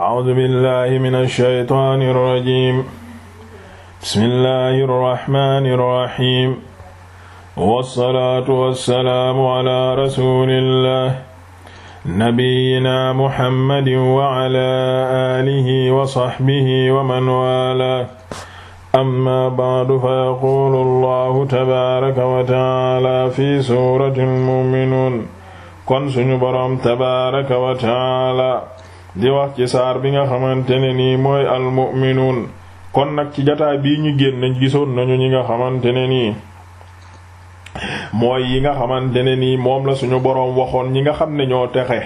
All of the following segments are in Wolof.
A'uuzu billaahi mina shaytaani rajiim. Bismillaahi rahmaani rahiim. Wassalaatu wassalaamu alaa rasuulillaah. Nabiyyinaa Muhammadin wa alaa aalihi wa sahbihi wa man waalaa. Ammaa ba'du fayaquulu Allaahu tabaaraka wa ta'aalaa fi suuratil mu'minuun. Kon suñu boroom tabaaraka wa ta'aalaa. di wax ci saar bi nga xamante ne nii mooy almu'minuun kon nag ci jataay bii ñu génn gisoon nañu ñi nga xamante ne nii mooy yi nga xamante ne nii moom la suñu boroom waxoon ñi nga xam ne ñoo texe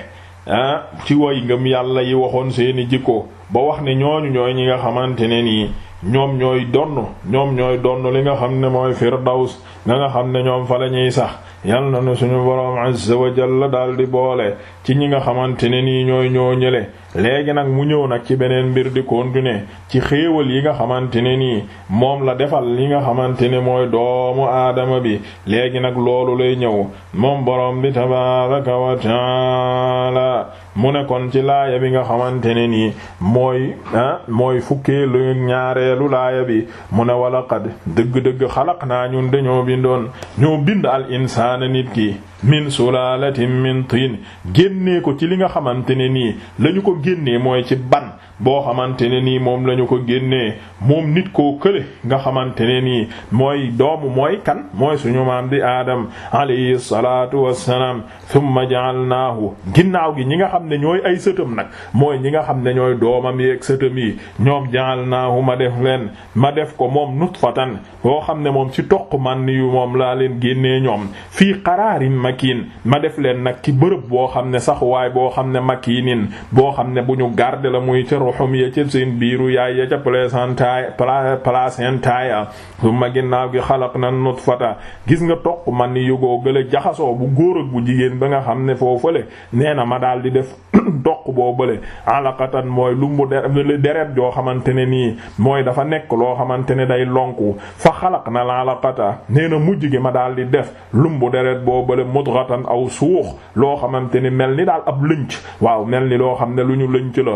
ah ci woy ngëm yàlla yi waxoon seeni jikko ba wax ne ñooñu ñooy ñi nga xamante ne nii ñoom ñooy donn ñoom ñooy donn li nga xam ne mooy firdaws nga nga xam ne ñoom fa ñuy sax yal na nu suñu boroom azza wa jalla daal di boole ci ñi nga xamante ne nii ñooy ñoo ñële léegi nag mu ñëw nag ci beneen mbir di continuer ci xéewal yi nga xamante ne nii moom la defal li nga xamante ne mooy doomu aadama bi léegi nag loolu lay ñëw moom borom bi tabaaraka wa taala mu ne kon ci laaya bi nga xamante ne nii mooy ah, mooy fukkee lu ñaareelu laaya bi mu ne walaqad dëgg-dëgg xalak naa ñun dañoo bindoon ñoo bind al insaana nit ki min sulalatin min tin génnee ko ci li nga xamante ne nii la ñu ko génnee mooy ci ban boo xamante ne nii moom la ñu ko génnee moom nit koo kële nga xamante ne nii mooy doomu mooy kan mooy suñu maam di aadam alayhi salaatu wassalaam thumma ja'alnaahu ginnaaw gi ñi nga xam ne ñooy ay sëtam nag mooy ñi nga xam ne ñooy doomam yeeg sëtam yi ñoom ja'alnaahu ma def leen ma def ko moom nutfatan boo xam ne moom ci toq mànd yu moom laa leen génnee ñoom fii qaraarin makiin ma def leen nag ci bërëb boo xam ne sax boo xam ne makiinin boo xam ne ñu garder la muy ci ruuxum ya ca seen biiru yaay ya ca placentaay placentaay a summa ginnaaw gi xalaq na nutfata gis nga toq man ni yugoo gële jaxasoo bu góor ak bu jigéen ba nga xam ne foofale nee na ma daal di def toq boo bële alaqatan mooy lumbu deret joo xamante ne nii mooy dafa nekk loo xamante ne day lonku fa xalaq na alaqata nee na mujj gi ma daal di def lumbu deret boo bële mudghatan aw suux loo xamante ni mel ni daal ab lënc waaw mel ni loo xam ne lu ñu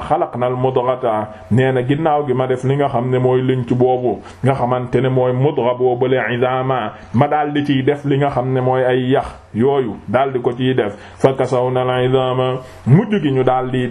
xalak xalaqna al mudghata nee na ginnaaw gi ma def li nga xam ne mooy lënc boobu nga xamante ne mooy mudgha boobu la izama ma daal di ciy def li nga xam ne mooy ay yax yooyu daal di ko ciy def fa kasawna al izama mujj gi ñu daal di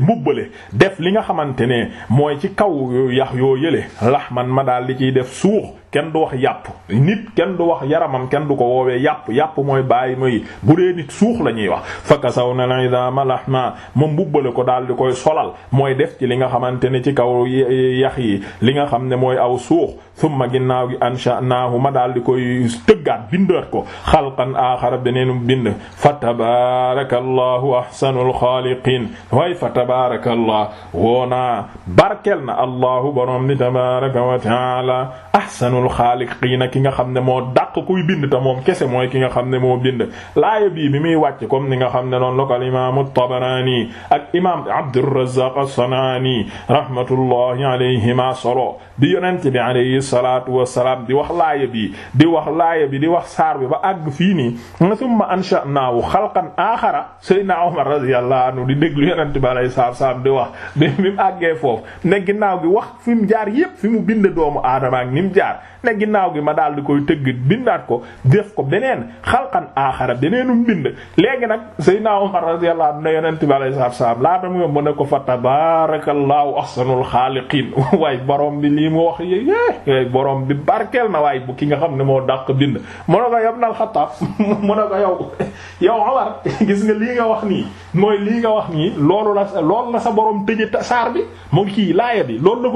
mbubbale def li nga xamante ne mooy ci kaw yax yoo yële man ma daal di ciy def suux kenn du wax yàpp nit kenn du wax yaramam kenn du ko woowee yàpp yàpp mooy bàyyi mooy bu dee nit suux la ñuy wax fakasaw na la ma lahma moom mbubbale ko daal di koy solal mooy def ci li nga xamante ne ci kaw yax yi li nga xam ne mooy aw suux summa ginnaaw gi ansha'nahu ma daal di koy tëggaat bindaat ko xalqan aaxara beneen bind fa tabarakallahu ahsanul xaaliqiin way fa tabarakallah woona barkel na allahu ahsanul xaaliqiina ki nga xam ne moo dàq kuy bind te moom kese mooy ki nga xam ne moo bind laaya bii bi muy wàcc comme ni nga xam ne noonu la ko al imaamu Tabaraani ak imaam Abdurrazaaq as-Sanaani rahmatullahi alayhima solo bi yonent bi alayhi salaatu wassalaam di wax laaya bi di wax laaya bi di wax saar bi ba àgg fii nii summa ansha'naahu xalqan aaxara Seydina Umar radiyallahu anhu di déglu yonent bi alayhi salaatu wassalaam di wax bi mu àggee foofu ne ginnaaw gi wax fi mu jaar yépp fi mu bind doomu aadama ak mu jaar ne ginnaaw gi ma dal di koy tëgg bindaat ko def ko beneen xalqan aaxara beneenum bind léegi nag Seydina Umar radiyallahu anhu ne yonent bi alayhi laa salaam laata mu mu ne ko fa tabarakallahu ahsanul xaaliqiin waaye borom bi lii mu wax yéey borom bi barkeel na waaye bu ki nga xam ne moo dàq bind mu ne ko yow nal Xattaab mu ne ko yow yow Umar gis nga lii nga wax nii mooy lii nga wax nii loolu la loolu la sa borom tëje saar bi mu kii laaya bi loolu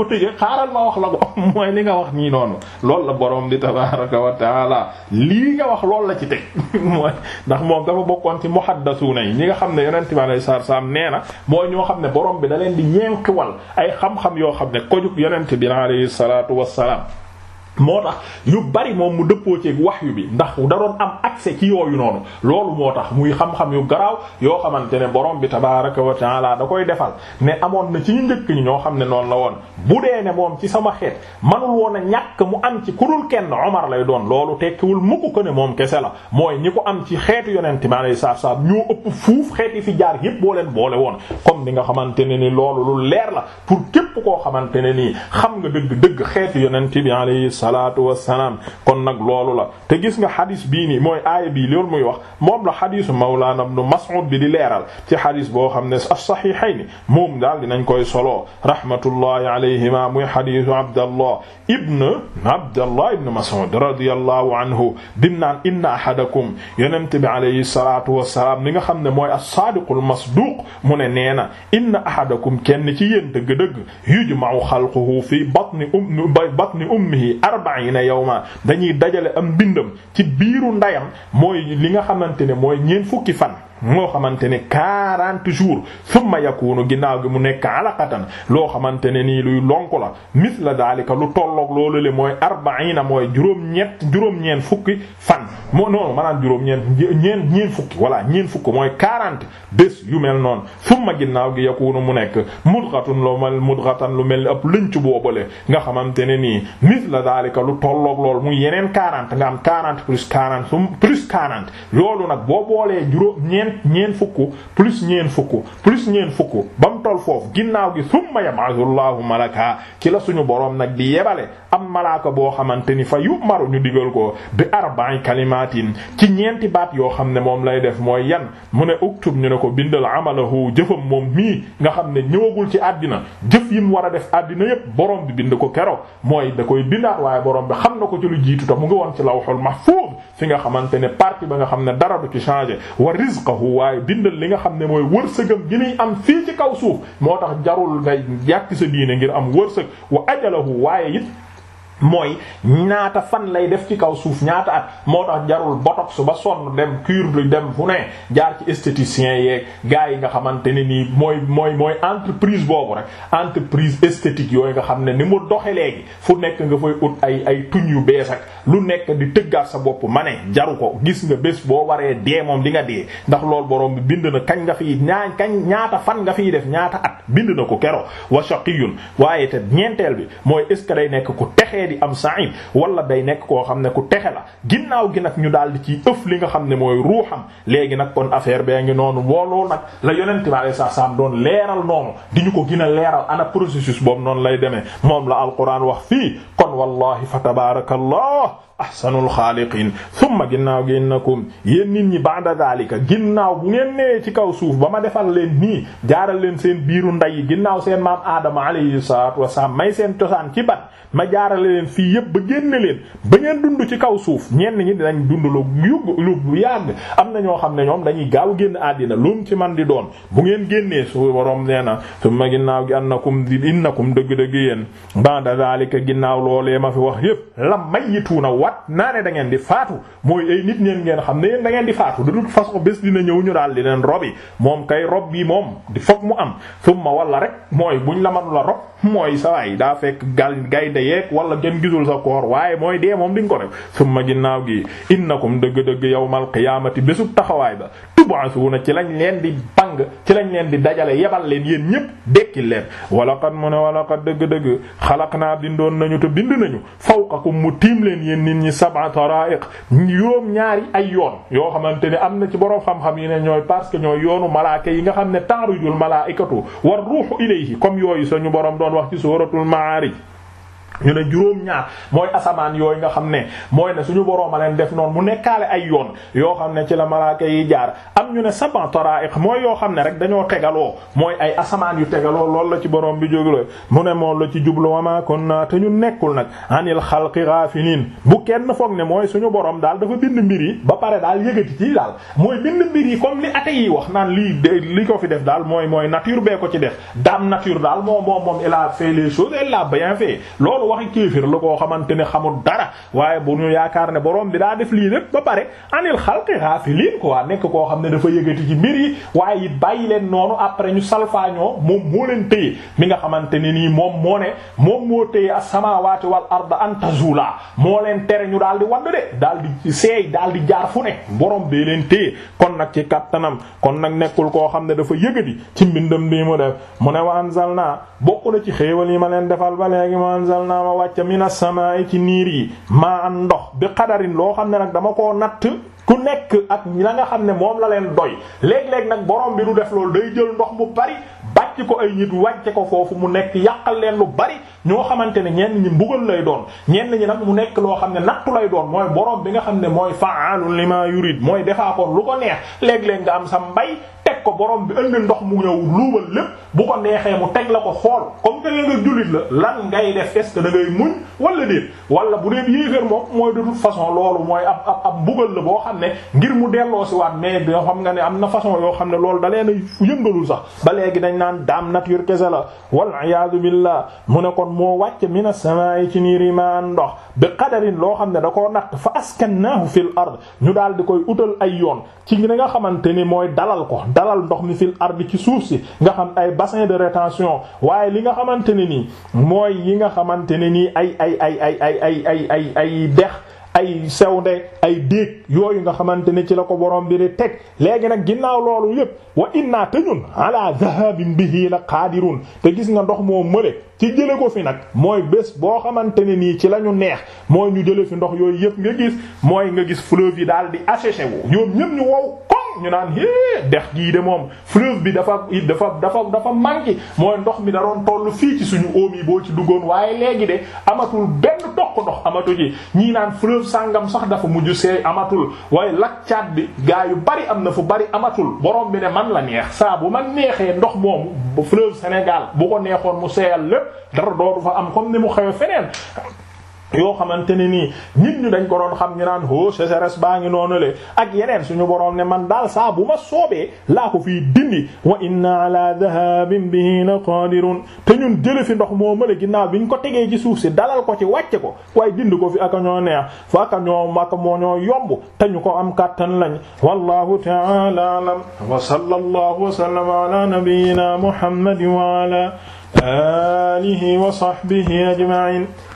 mooy li nga wax nii noonu loolu la boroom di tabaaraka wa taala lii nga wax loolu la ci teg mooy ndax moom dafa bokkoon ci muhaddasuuna yi ñi nga xam ne yonent bi alayhi salaatu salaam nee na mooy ñoo xam ne borom bi da leen di ñeenkiwal ay xam-xam yoo xam ne kojug yonent bi alayhi salaatu wassalaam moo tax yu bari moom mu dëppoo wax wahyu bi ndax da doon am accès ci yooyu noonu loolu moo tax muy xam-xam yu garaaw yoo xamante ne borom bi tabaaraka wa taala da koy defal ne amoon na ci ñu njëkk ñi ñoo xam ne noonu la woon. bu dee ne moom ci sama xeet manul woon a ñàkk mu am ci ku dul kenn Omar lay doon loolu tekkiwul mukk ko ne moom kese la mooy ñi ko am ci xeetu yonent ma lay saaf saaf ñoo ëpp fuuf xeet yi fi jaar yépp boo leen boole woon comme ni nga xamante ne loolu leer la pour képp koo xamante ne nii xam nga dëgg dëgg xeetu yonent bi alayhi salaatu wassalaam kon nag loolu la te gis nga xadis bii nii mooy aaya bii loolu muy wax moom la xadisu mawlaana ibnu Mas'ud bi di leeral ci xadis boo xam ne as-saxiixayni moom daal dinañ koy soloo rahmatullahi alayhima muy xadisu Abdallah ibn Abdallah ibn Mas'ud radiyallahu anhu bim naan inna ahadakum yonent bi alayhi salaatu wassalaam li nga xam ne mooy as-saadiqul masduuq mu ne nee na inna ahadakum kenn ci yéen dëgg-dëgg yujma'u xalquhu fi batni um batni ummihi arba'ina yawma dañuy dajale am mbindam ci biiru ndayam mooy li nga xamante ne mooy ñeent fukki fan moo xamante ne quarante jours summa yakunu ginnaaw gi mu nekk alaqatan loo xamante ne nii luy lonku la misla daalika lu tolloog loolu le mooy arbaina mooy juróom-ñett juróom-ñeent fukki fan moo noonu maanaam juróom-ñeent ñeent ñeent fukki voilà ñeent fukk mooy quarante bés yu mel noonu summa ginnaaw gi yakunu mu nekk mudghatun lu mel mudghatan lu mel ab lënc le nga xamante ne nii misla daalika lu tolloog loolu mu yeneen quarante nga am quarante plus quarante plus quarante loolu nag boo ñeent fukk plus ñeent fukk plus ñeent fukk ba mu toll foofu ginnaaw gi summa yab'athullahu malaka ci la suñu boroom nag di yebale am malaka boo xamante ni fa yu maru ñu digal ko bi arba'i kalimatin ci ñeenti baat yoo xam ne moom lay def mooy yan mu ne uktub ñu ne ko bindal amalahu jëfam moom mii nga xam ne ñëwagul ci àddina jëf yi mu war a def àddina yépp boroom bi bind ko kero mooy da koy bindaat waaye boroom bi xam na ko ci lu jiitu ta mu ngi woon ci lawhul mahfuz fi nga xamante ne parti ba nga xam ne dara du ci changé wa rizqahu waaye bindal li nga xam ne mooy wërsëgam gi muy am fii ci kaw suuf moo tax jarul ngay yàq sa diine ngir am wërsëg wa ajalahu waaye it mooy ñaata fan lay def ci kaw suuf ñaata at moo tax jarul botox ba sonn dem cure dem fu ne jaar ci esthéticien yee gars yi nga xamante ne nii mooy mooy mooy entreprise boobu rek entreprise esthétique yooyu nga xam ne ni mu doxe léegi fu nekk nga fay ut ay ay tuñ yu bees ak lu nekk di tëggaat sa bopp ma ne jaru ko gis nga bés boo waree dee moom di nga dee ndax loolu boroom bi bind na kañ nga fi ñaa kañ ñaata fan nga fiy def ñaata at bind na ko kero wa shaqiyun waaye di am sa'id wala day nekk koo xam ne ku texe la aw gi nag ñu daal di ciy ëf li nga xam ne mooy ruuxam léegi nag kon affaire bee ngi noonu booloo nag la yonent bi alayhi salaam doon leeral noonu di ñu ko gën a leeral ana processus boobu noonu lay demee moom la alquran wax fii kon wallahi fa tabarakallah ahsanul xaaliqiin summa ginnaaw gi innakum yéen nit ñi ba'da daalika ginnaaw bu ngeen nee ci kaw suuf ba ma defal leen nii jaaral leen seen biiru nday ginnaaw seen maam aadama alayhi salaatu wasalaam may seen cosaan ci bat ma jaaral leen fii yëpp ba génne leen ba ngeen dund ci kaw suuf ñenn ñi dinañ dund lu yugg lu yàgg am na ñoo xam ne ñoom dañuy gaaw génn àddina lum ci man di doon bu ngeen génnee su borom nee na summa ginnaaw gi annakum innakum dëgg-dëgg yéen ba'da daalika ginnaaw loolee ma fi wax yëpp la faat naa da ngeen di faatu mooy ay nit ñeen ngeen xam ne yéen da di faatu de toute façon bés dina ñëw ñu daal di leen robi moom kay rob yi moom di foog mu am summa wala rek mooy buñ la manu rob mooy sa waay daa fekk gal gaynde yeeg wala kenn gisul sa koor waaye mooy dee moom diñ ko def summa ginnaaw gi innakum dëgg-dëgg yawmal qiyaamati bésu taxawaay ba tub'asuuna ci lañ leen di bang ci lañ leen di dajale yebal leen yéen ñépp dekkil leen walaqad mu ne walaqad dëgg-dëgg naa bindoon nañu te bind nañu fawqakum mu tiim leen yéen nit ñi sab'a taraa'iq yoom ñaari ay yoon yoo xamante ne am na ci boroom xam-xam yi ne ñooy parce que ñooy yoonu malaaka yi nga xam ne ta'rujul malaa'ikatu war ruuhu ilayhi comme yooyu suñu boroom doon wax ci suuratul ma'aarij ñu ne juróom ñaar mooy asamaan yooyu nga xam ne mooy ne suñu boroom a leen def noonu mu nekkaale ay yoon yoo xam ne ci la malaaka yi jaar am ñu ne saban taraa'iq mooy yoo xam ne rek dañoo tegaloo mooy ay asamaan yu tegaloo loolu la ci boroom bi jógla mu ne moom la ci jublu kon kunna te ñu nekkul nag anil xalqi ghafilin bu kenn foog ne mooy suñu boroom daal dafa bind mbir yi ba pare daal yëgati ci daal mooy bind mbir yi comme li ate yi wax naan lii li ko fi def daal mooy mooy nature bee ko ci def dame nature daal moom moom moom l'a loolu waxi kéefir la koo xamante ne xamul dara waaye bu ñu yaakaar ne borom bi daa def lii lépp ba pare anil xalqi xaafiliin quoi nekk koo xam ne dafa yëgati ci mbir yi waaye it bàyyi leen noonu après ñu salfaañoo moom moo leen téye mi nga xamante ne nii moom moo ne moom moo téye as-samaawaati wal arda an tazula moo leen tere ñu daal di wadd daal di seey daal di jaar fu ne borom bee leen kon nag ci kattanam kon nag nekkul koo xam ne dafa yëgati mu def mu ne wa anzalna na ci xéewal yi ma leen defal ba léegi wa anzalna anzalnaa ma wàcca mina samaa'i ci niir yi maa an ndox bi qadarin loo xam ne nag dama koo natt ku nekk ak la nga xam ne moom la leen doy léeg-léeg nag borom bi du def loolu day jël ndox mu bari bàcc ko ay nit wàcce ko foofu mu nekk yàqal leen lu bari ñoo xamante ne ñenn ñi mbugal lay doon ñenn ñi nag mu nekk loo xam ne nattu lay doon mooy borom bi nga xam ne mooy fa'aalun lima yurid mooy defaa defaakoon lu ko neex léeg-léeg nga am sa mbay ko borom bi indi ndox mu ñëw luubal lépp bu ko neexee mu teg la ko xool comme que nee la ngay def da ngay muñ wala déet wala bu dee yéeféer moom façon loolu mooy ab ab la boo xam ne ngir mu delloo si waat mais xam nga ne am na façon yoo xam ne loolu da leen a yëngalul sax ba léegi dañ naan daam nature kese la wal iyaadu billah mu ne kon moo wàcc mina samaa'i ci niir yi maa ndox bi qadarin loo xam ne da ko natt fa askannaahu fil ard ñu daal di koy utal ay yoon ci nga xamante ni mooy dalal ko dalal saxal ndox mi fil ardi ci suuf si nga xam ay bassin de rétention waaye li nga xamante ne nii mooy yi nga xamante ne nii ay ay ay ay ay ay ay ay ay dex ay sewnde ay déeg yooyu nga xamante ne ci la ko borom bi di teg léegi nag ginnaaw loolu yépp wa inna te ñun ala dhahabin bihi la qadirun te gis nga ndox moo mële ci jële ko fi nag mooy bés boo xamante ne nii ci la neex mooy ñu jële fi ndox yooyu yépp nga gis mooy nga gis fleuve yi daal di asséché wu ñoom ñu wow ñu naan é dex gii de moom fleuve bi dafa dafa dafa dafa manqué mooy ndox mi da doon toll fii ci suñu oom boo ci duggoon waaye léegi de amatul benn toq ndox amatu ji naan fleuve sàngam sax dafa mujj seey amatul waaye lac Tchad bi gaa yu bari am na fu bari amatul borom bi ne man la neex saa bu man neexee ndox moomu fleuve Sénégal bu ko neexoon mu seeyal lépp dara dootu fa am comme ni mu xewe feneen yoo xamante ne nii ñu dañ ko doon xam ñu naan ho sécheresse baa ngi noonu le ak yeneen suñu boroom ne man daal saa bu ma soobee laako ko fii dindi wa inna ala dhahabin bihi la qadirun te ñun jële fi ndox moo mala ginnaaw bi ñu ko tegee ci suuf si dalal ko ci wàcce ko waaye dindi ko fi aka ñoo neex fa aka ñoo aka moo ñoo yomb te ñu ko am kàttan lañ wallahu ta'ala alam wa sallallahu wa sallama ala nabiyyina muhammadin wa ala alihi wa sahbihi ajma'in